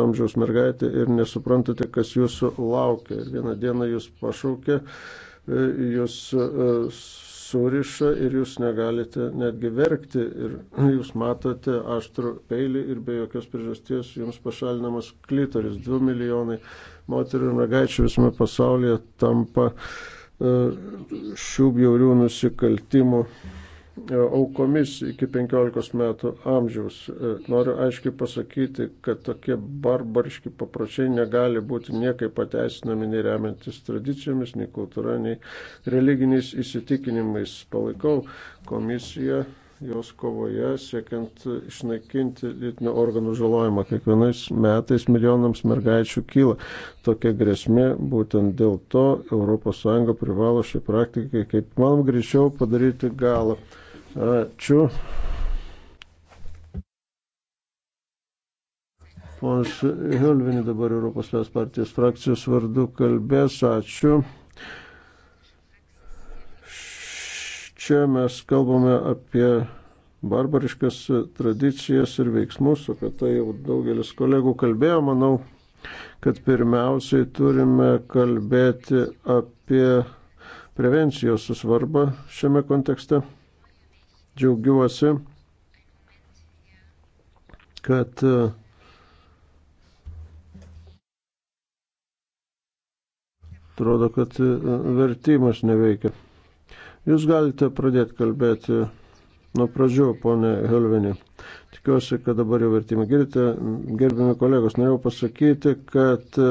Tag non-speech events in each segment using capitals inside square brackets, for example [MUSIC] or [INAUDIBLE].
amžiaus mergaitė ir nesuprantate, kas jūsų laukia. Ir vieną dieną jūs pašaukė, e, jūs e, suriša ir jūs negalite netgi verkti ir [CLEARS THROAT] jūs matote aštrų peilį ir be jokios priežasties jums pašalinamas klitoris. 2 milijonai moterų ir mergaičių visame pasaulyje tampa e, šių bjaurių nusikaltimų E, aukomis iki 15 metų amžiaus. E, noriu aiškiai pasakyti, kad tokie barbariški papročiai negali būti niekai pateisinami, nei remiantis tradicijomis, nei kultūra, nei religiniais įsitikinimais. Palaikau komisiją jos kovoje, siekiant išnaikinti lytinio organų žalojimą. Kiekvienais metais milijonams mergaičių kyla tokia grėsmė, būtent dėl to ES privalo šiai praktikai kaip man greičiau padaryti galą. Ačiū. Ponas Helvini dabar Europos Liaudės partijos frakcijos vardu kalbės. Ačiū. Čia mes kalbame apie barbariškas tradicijas ir veiksmus, apie tai jau daugelis kolegų kalbėjo, manau, kad pirmiausiai turime kalbėti apie prevencijos svarbą šiame kontekste. Džiaugiuosi, kad atrodo, kad vertimas neveikia. Jūs galite pradėti kalbėti nuo pradžių, ponė Helvinė. Tikiuosi, kad dabar jau vertimą girdite. Gerbimi kolegos, norėjau pasakyti, kad e,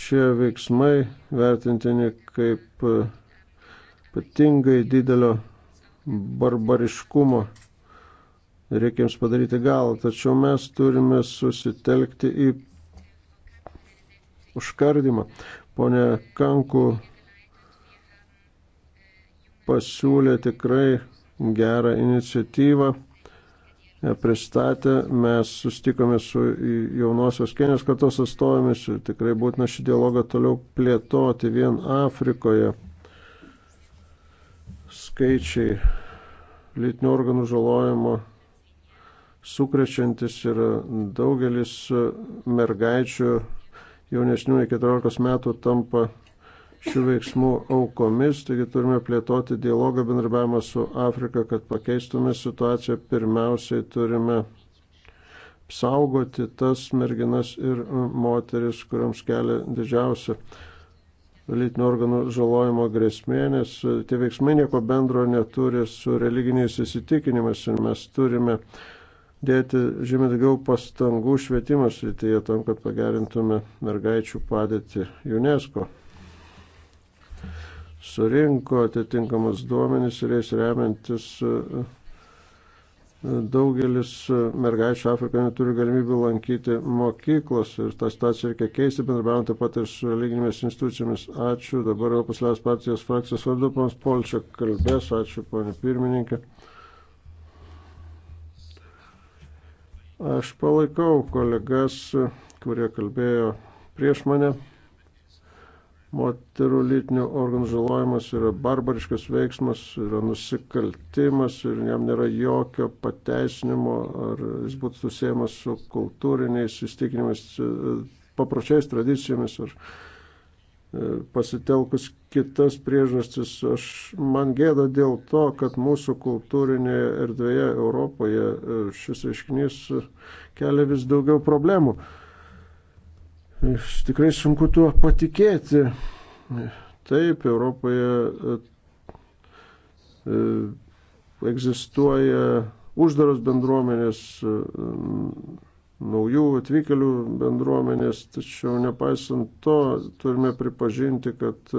šie veiksmai vertintini kaip e, patingai didelio barbariškumo. Reikia jums padaryti galą, tačiau mes turime susitelkti į užkardimą. Pone Kanku pasiūlė tikrai gerą iniciatyvą. E, pristatė, mes sustikome su jaunosios Kenijos kartos atstovėmis ir tikrai būtina šį dialogą toliau plėtoti vien Afrikoje. Skaičiai lytinių organų žalojimo sukrečiantis ir daugelis mergaičių jaunesnių nei 14 metų tampa šių veiksmų aukomis, taigi turime plėtoti dialogą bendrabiavimą su Afrika, kad pakeistume situaciją. Pirmiausiai turime saugoti tas merginas ir moteris, kuriams kelia didžiausia lytinių organų žalojimo grėsmė, nes tie veiksmai nieko bendro neturi su religiniais įsitikinimais ir mes turime dėti žymiai daugiau pastangų švietimo srityje tam, kad pagerintume mergaičių padėtį UNESCO surinko atitinkamus duomenys ir jais remiantis e, e, daugelis e, mergaičių Afrikoje neturi galimybių lankyti mokyklos ir tą situaciją reikia keisti, bendrabiavant taip pat ir su religinėmis institucijomis. Ačiū. Dabar Europos Liaudės partijos frakcijos vardu ponas Polčiak kalbės. Ačiū, ponė pirmininkė. Aš palaikau kolegas, kurie kalbėjo prieš mane. Moterų lytinių organų žalojimas yra barbariškas veiksmas, yra nusikaltimas ir jam nėra jokio pateisinimo, ar jis būtų susijęs su kultūriniais įstikinimais, e, papročiais, tradicijomis ar e, pasitelkus kitas priežastis. Aš man gėda dėl to, kad mūsų kultūrinėje erdvėje Europoje e, šis reiškinys kelia vis daugiau problemų. Iš tikrai sunku tuo patikėti. Taip, Europoje e, e, egzistuoja uždaros bendruomenės, e, naujų atvykėlių bendruomenės, tačiau nepaisant to turime pripažinti, kad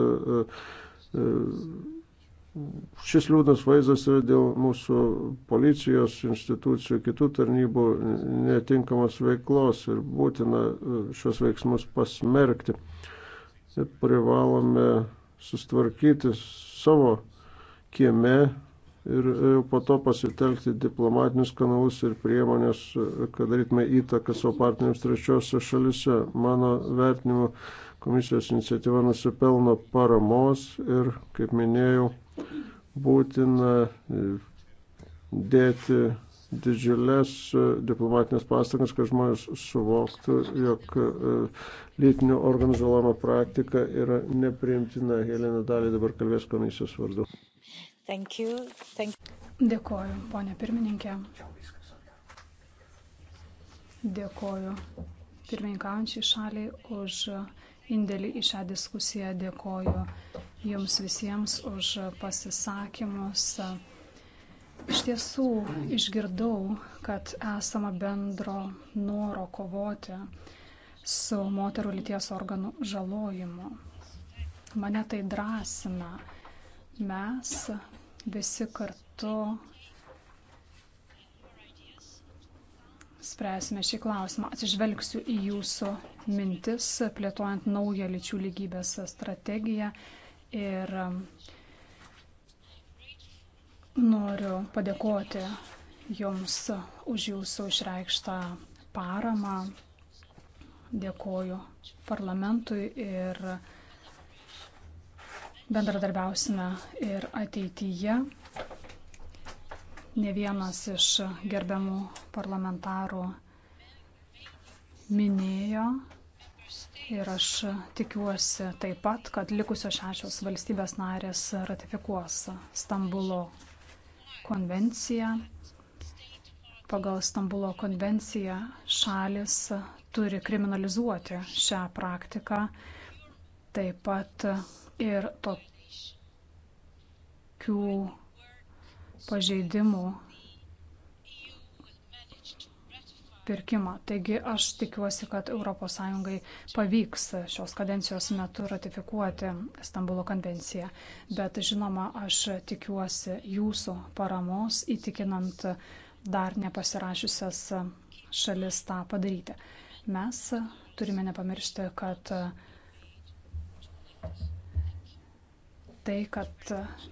Šis liūdnas vaizdas yra dėl mūsų policijos institucijų, kitų tarnybų netinkamos veiklos ir būtina e, šios veiksmus pasmerkti. Ir privalome sustvarkyti savo kieme ir e, po to pasitelkti diplomatinius kanalus ir priemonės, e, kad darytume įtaką savo partneriams trečiose šalise. Mano vertinimu, komisijos iniciatyva nusipelno paramos ir, kaip minėjau, būtina e, dėti didžiulės e, diplomatinės pastangas, kad žmonės suvoktų, jog e, lytinių organų žalojimo praktika yra nepriimtina. Helena Dalį dabar kalbės komisijos vardu. Thank you. Thank you. Dėkoju, ponė pirmininkė. Dėkoju pirmininkaujančiai šaliai už indėlį į šią diskusiją. Dėkoju Jums visiems už pasisakymus. Iš tiesų išgirdau, kad esama bendro noro kovoti su moterų lyties organų žalojimu. Mane tai drąsina. Mes visi kartu spręsime šį klausimą. Atsižvelgsiu į jūsų mintis, plėtojant naują lyčių lygybės strategiją ir um, noriu padėkoti Jums už Jūsų išreikštą paramą. Dėkoju parlamentui ir bendradarbiausime ir ateityje. Ne vienas iš gerbiamų parlamentarų minėjo ir aš tikiuosi taip pat, kad likusios šešios valstybės narės ratifikuos Stambulo konvenciją. Pagal Stambulo konvenciją šalis turi kriminalizuoti šią praktiką, taip pat ir tokių pažeidimų pirkimą. Taigi aš tikiuosi, kad ES pavyks šios kadencijos metu ratifikuoti Stambulo konvenciją. Bet žinoma, aš tikiuosi jūsų paramos įtikinant dar nepasirašiusias šalis tą padaryti. Mes turime nepamiršti, kad tai, kad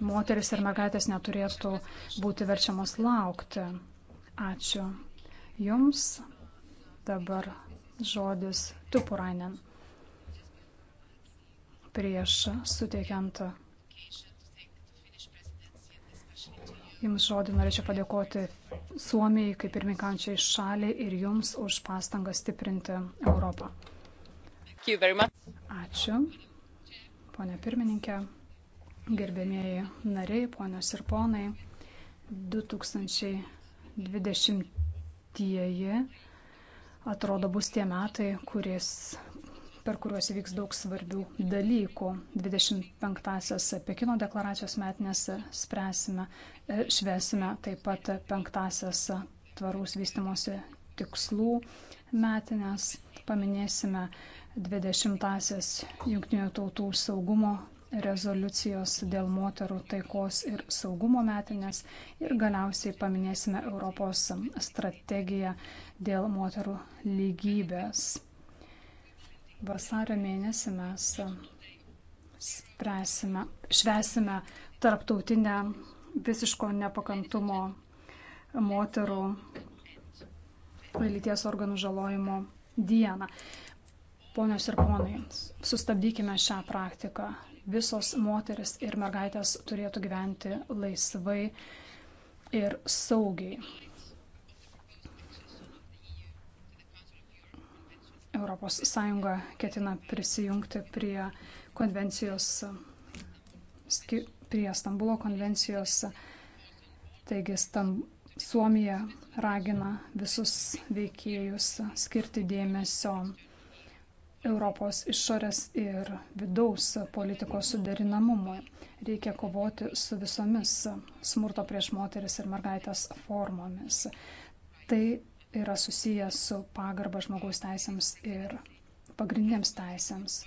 moteris ir mergaitės neturėtų būti verčiamos laukti. Ačiū Jums. Dabar žodis Tupurainen. Prieš suteikiant Jums žodį norėčiau padėkoti Suomijai kaip pirmininkančiai šaliai ir Jums už pastangą stiprinti Europą. Ačiū, ponė pirmininkė gerbėmieji nariai, ponios ir ponai, 2020-ieji atrodo bus tie metai, kuris, per kuriuos vyks daug svarbių dalykų. 25-asias Pekino deklaracijos metinės spręsime, e, švesime taip pat 5-asias tvaraus vystimosi tikslų metinės, paminėsime 20-asias Junktinių tautų saugumo rezoliucijos dėl moterų taikos ir saugumo metinės ir galiausiai paminėsime Europos strategiją dėl moterų lygybės. Vasario mėnesį mes spręsime, švesime tarptautinę visiško nepakantumo moterų lyties organų žalojimo dieną. Ponios ir ponai, sustabdykime šią praktiką visos moteris ir mergaitės turėtų gyventi laisvai ir saugiai. ES ketina prisijungti prie konvencijos, prie Stambulo konvencijos. Taigi Stam, Suomija ragina visus veikėjus skirti dėmesio Europos išorės ir vidaus politikos suderinamumui. Reikia kovoti su visomis smurto prieš moteris ir mergaitės formomis. Tai yra susiję su pagarba žmogaus teisėms ir pagrindiniams teisėms.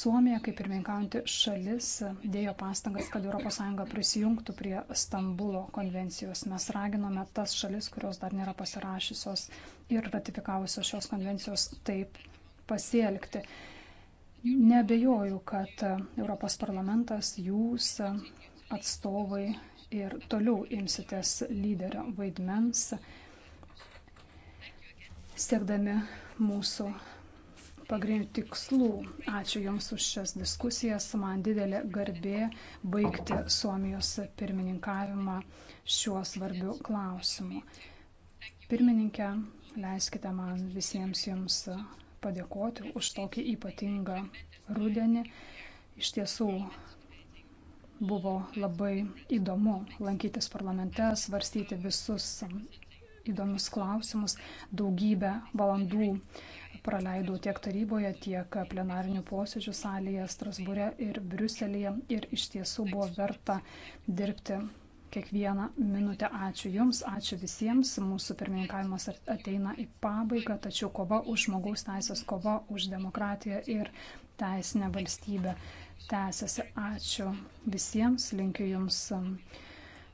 Suomija, kaip pirmininkaujanti šalis, dėjo pastangas, kad ES prisijungtų prie Stambulo konvencijos. Mes raginome tas šalis, kurios dar nėra pasirašysios ir ratifikavusios šios konvencijos taip pasielgti. Nebejoju, kad Europos parlamentas, jūs, atstovai ir toliau imsitės lyderio vaidmens, siekdami mūsų pagrindinių tikslų. Ačiū Jums už šias diskusijas. Man didelė garbė baigti Suomijos pirmininkavimą šiuo svarbiu klausimu. Pirmininkė, leiskite man visiems Jums padėkoti už tokį ypatingą rudenį. Iš tiesų buvo labai įdomu lankytis parlamente, svarstyti visus įdomius klausimus. Daugybę valandų praleidau tiek taryboje, tiek plenarinių posėdžių salėje Strasbūre ir Briuselėje ir iš tiesų buvo verta dirbti kiekvieną minutę. Ačiū Jums, ačiū visiems. Mūsų pirmininkavimas ateina į pabaigą, tačiau kova už žmogaus teisės, kova už demokratiją ir teisinę valstybę tęsiasi. Ačiū visiems, linkiu Jums um,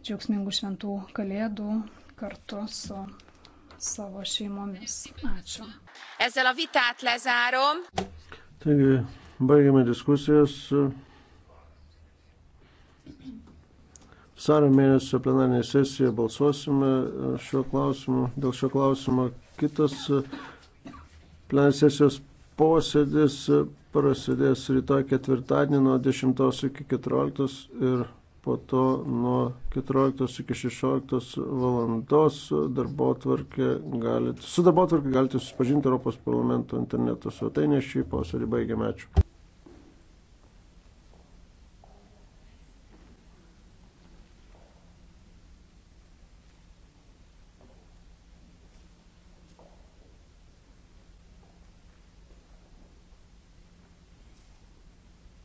džiaugsmingų šventų kalėdų kartu su savo šeimomis. Ačiū. Ezzel a vitát lezárom. Taigi, baigiame diskusijas. Sario mėnesio plenarinėje sesijoje balsuosime e, šio klausimu, dėl šio klausimo. Kitas e, plenarinės sesijos posėdis e, prasidės rytoj ketvirtadienį nuo 10 iki 14 ir po to nuo 14 iki 16 valandos darbo galite, su darbo tvarkė galite susipažinti Europos parlamento interneto svetainė. Šį posėdį baigiame. Ačiū.